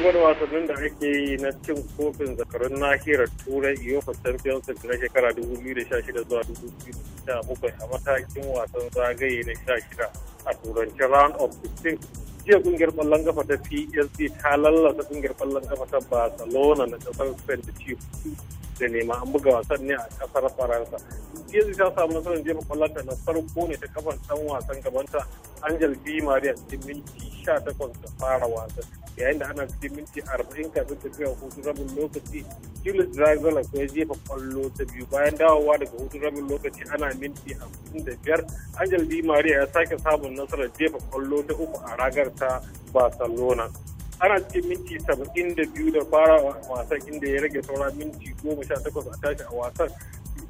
gaba wasannin da ake yi na cin kofin zakarun nahiyar turai uefa champions league na shekara 2016 zuwa 2017 a matakin wasan zagaye na 16 a turanci round of 16 jiya kungiyar kwallon kafa ta psc ta lallata kungiyar kwallon kafa ta barcelona na kasar spain da chief da nema an buga wasan ne a kasar faransa psc ta samu nasarar jefa kwallon ta na farko ne ta kafan dan wasan gabanta angel di maria cikin minti 18 da fara wasan yayin da ana cikin minti arba'in kafin tafiya hutun rabin lokaci julius dragola ko ya jefa kwallo ta biyu bayan dawowa daga hutun rabin lokaci ana minti hamsin da biyar angel di maria ya sake samun nasarar jefa kwallo ta uku a ragar ta barcelona ana cikin minti saba'in da biyu da fara wasan inda ya rage saura minti goma sha takwas a tashi a wasan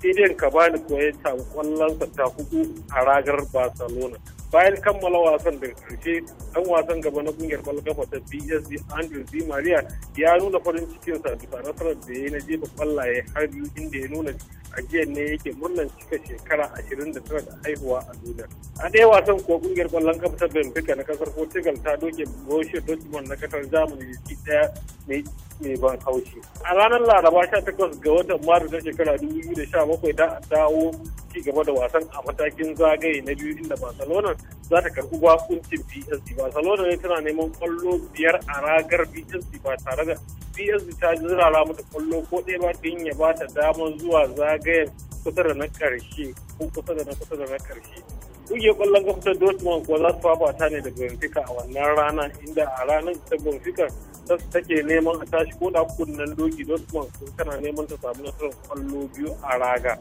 idan kabani ko ya samu kwallon ta hudu a ragar barcelona bayan kammala wasan daga karshe dan wasan gaba na kungiyar kwallon kafa ta bsd andrew di maria ya nuna farin cikinsa bisa nasarar da ya yi na jefa kwallaye har biyu inda ya nuna ajiyar ne yake murnan cika shekara 29 da haihuwa a duniya a ɗaya wasan ko kungiyar kwallon kafa ta benfica na kasar portugal ta doke borussia dortmund na kasar germany da ɗaya mai mai ban haushi. A ranar Laraba 18 ga watan Maris na shekara 2017 da dawo ci gaba da wasan a matakin zagaye na biyu inda Barcelona za ta karɓi bakuncin PSG. Barcelona ne tana neman kwallo biyar a ragar PSG ba tare da PSG ta zirara mata kwallo ko ɗaya ba ta ya ba ta damar zuwa zagayen kusa da na ƙarshe ko kusa da na kusa da na ƙarshe. kungiyar kwallon kafa Dortmund kuwa za su fafata ne da Benfica a wannan rana inda a ranar ta Benfica ta take neman a tashi ko da kunnen doki don Dortmund kana neman ta samu nasarar kwallo biyu a raga.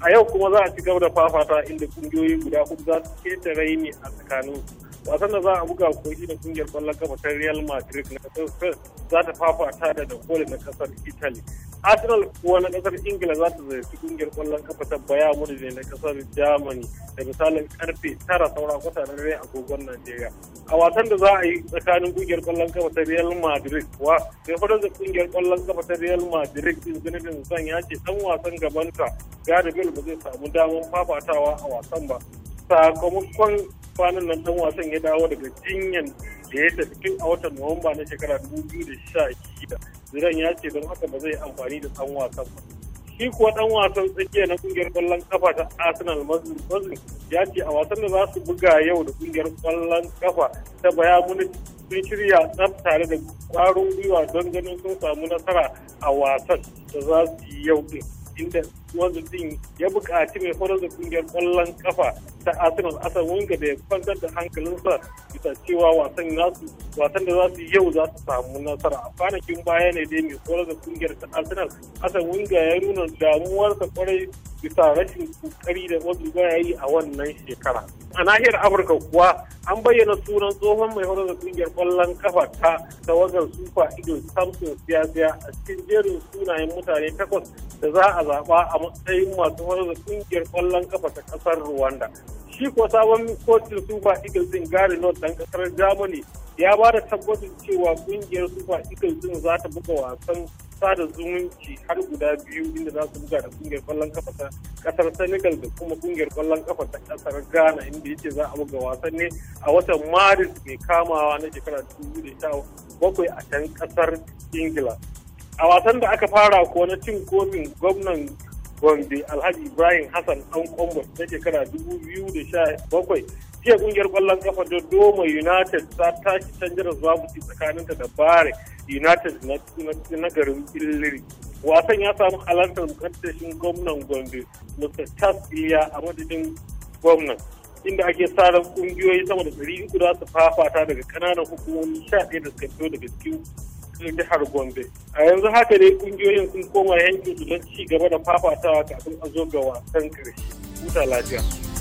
A yau kuma za a ci gaba da fafata inda kungiyoyi guda hudu za su keta raini a tsakanin wasan da za a buga ko shi da kungiyar kwallon kafa ta Real Madrid na kasar za ta fafata da Napoli na kasar Italy. arsenal kuwa kasar ingila za ta ziyarci kungiyar kwallon kafa ta baya ne na kasar germany da misalin karfe tara saura kwata na rai agogon najeriya a wasan da za a yi tsakanin kungiyar kwallon kafa ta real madrid kuwa sai fadar da kungiyar kwallon kafa ta real madrid din zinedine zan ya ce dan wasan gabanta garibel ba zai samu damar fafatawa a wasan ba sakamakon kwanan nan dan wasan ya dawo daga jinyan da ya tafi tun a watan nuwamba na shekara 2016 ziran ya ce don haka ba zai amfani da dan wasan ba shi kuwa dan wasan tsakiya na kungiyar kwallon kafa ta arsenal mazlum ya ce a wasan da za su buga yau da kungiyar kwallon kafa ta baya muni sun shirya tsaf tare da kwarin gwiwa don ganin sun samu nasara a wasan da za su yi yau din inda wanda din ya buƙaci mai horar da kungiyar ƙwallon kafa ta arsenal asan wanga da ya kwantar da hankalinsa bisa cewa wasan nasu wasan da za su yau za su samu nasara a kwanakin baya ne dai mai horar da kungiyar ta arsenal asan wanga ya nuna damuwarsa kwarai bisa rashin kokari da wasu ya yi a wannan shekara a nahiyar afirka kuwa an bayyana sunan tsohon mai horar da kungiyar kwallon kafa ta tawagar super eagles samson siyasiya a cikin jerin sunayen mutane takwas da za a zaɓa a matsayin masu wanzu kungiyar kwallon kafa ta kasar Rwanda. Shi ko sabon kotun Super Eagles din Gary North dan kasar Germany ya ba da tabbacin cewa ƙungiyar Super Eagles din za ta buga wasan sada zumunci har guda biyu inda za su buga da ƙungiyar ƙwallon kafa ta ƙasar Senegal da kuma ƙungiyar kwallon kafa ta ƙasar Ghana inda yake za a buga wasan ne a watan Maris mai kamawa na shekara 2017 a can kasar Ingila. a wasan da aka fara ko na cin kofin gwamnan gombe alhaji ibrahim hassan dan kombo na shekara bakwai jiya kungiyar kwallon kafa da doma united ta tashi canjar zabuci tsakaninta da bare united na garin illiri wasan ya samu halartar mukaddashin gwamnan gombe mr charles iya a madadin gwamnan inda ake tsarin kungiyoyi sama da 300 za su fafata daga kananan hukumomi 11 da suka fito daga cikin cikin jihar Gombe. A yanzu haka ne kungiyoyin sun koma yankin su don ci gaba da fafatawa kafin a zo ga wasan ƙarshe. Huta lafiya.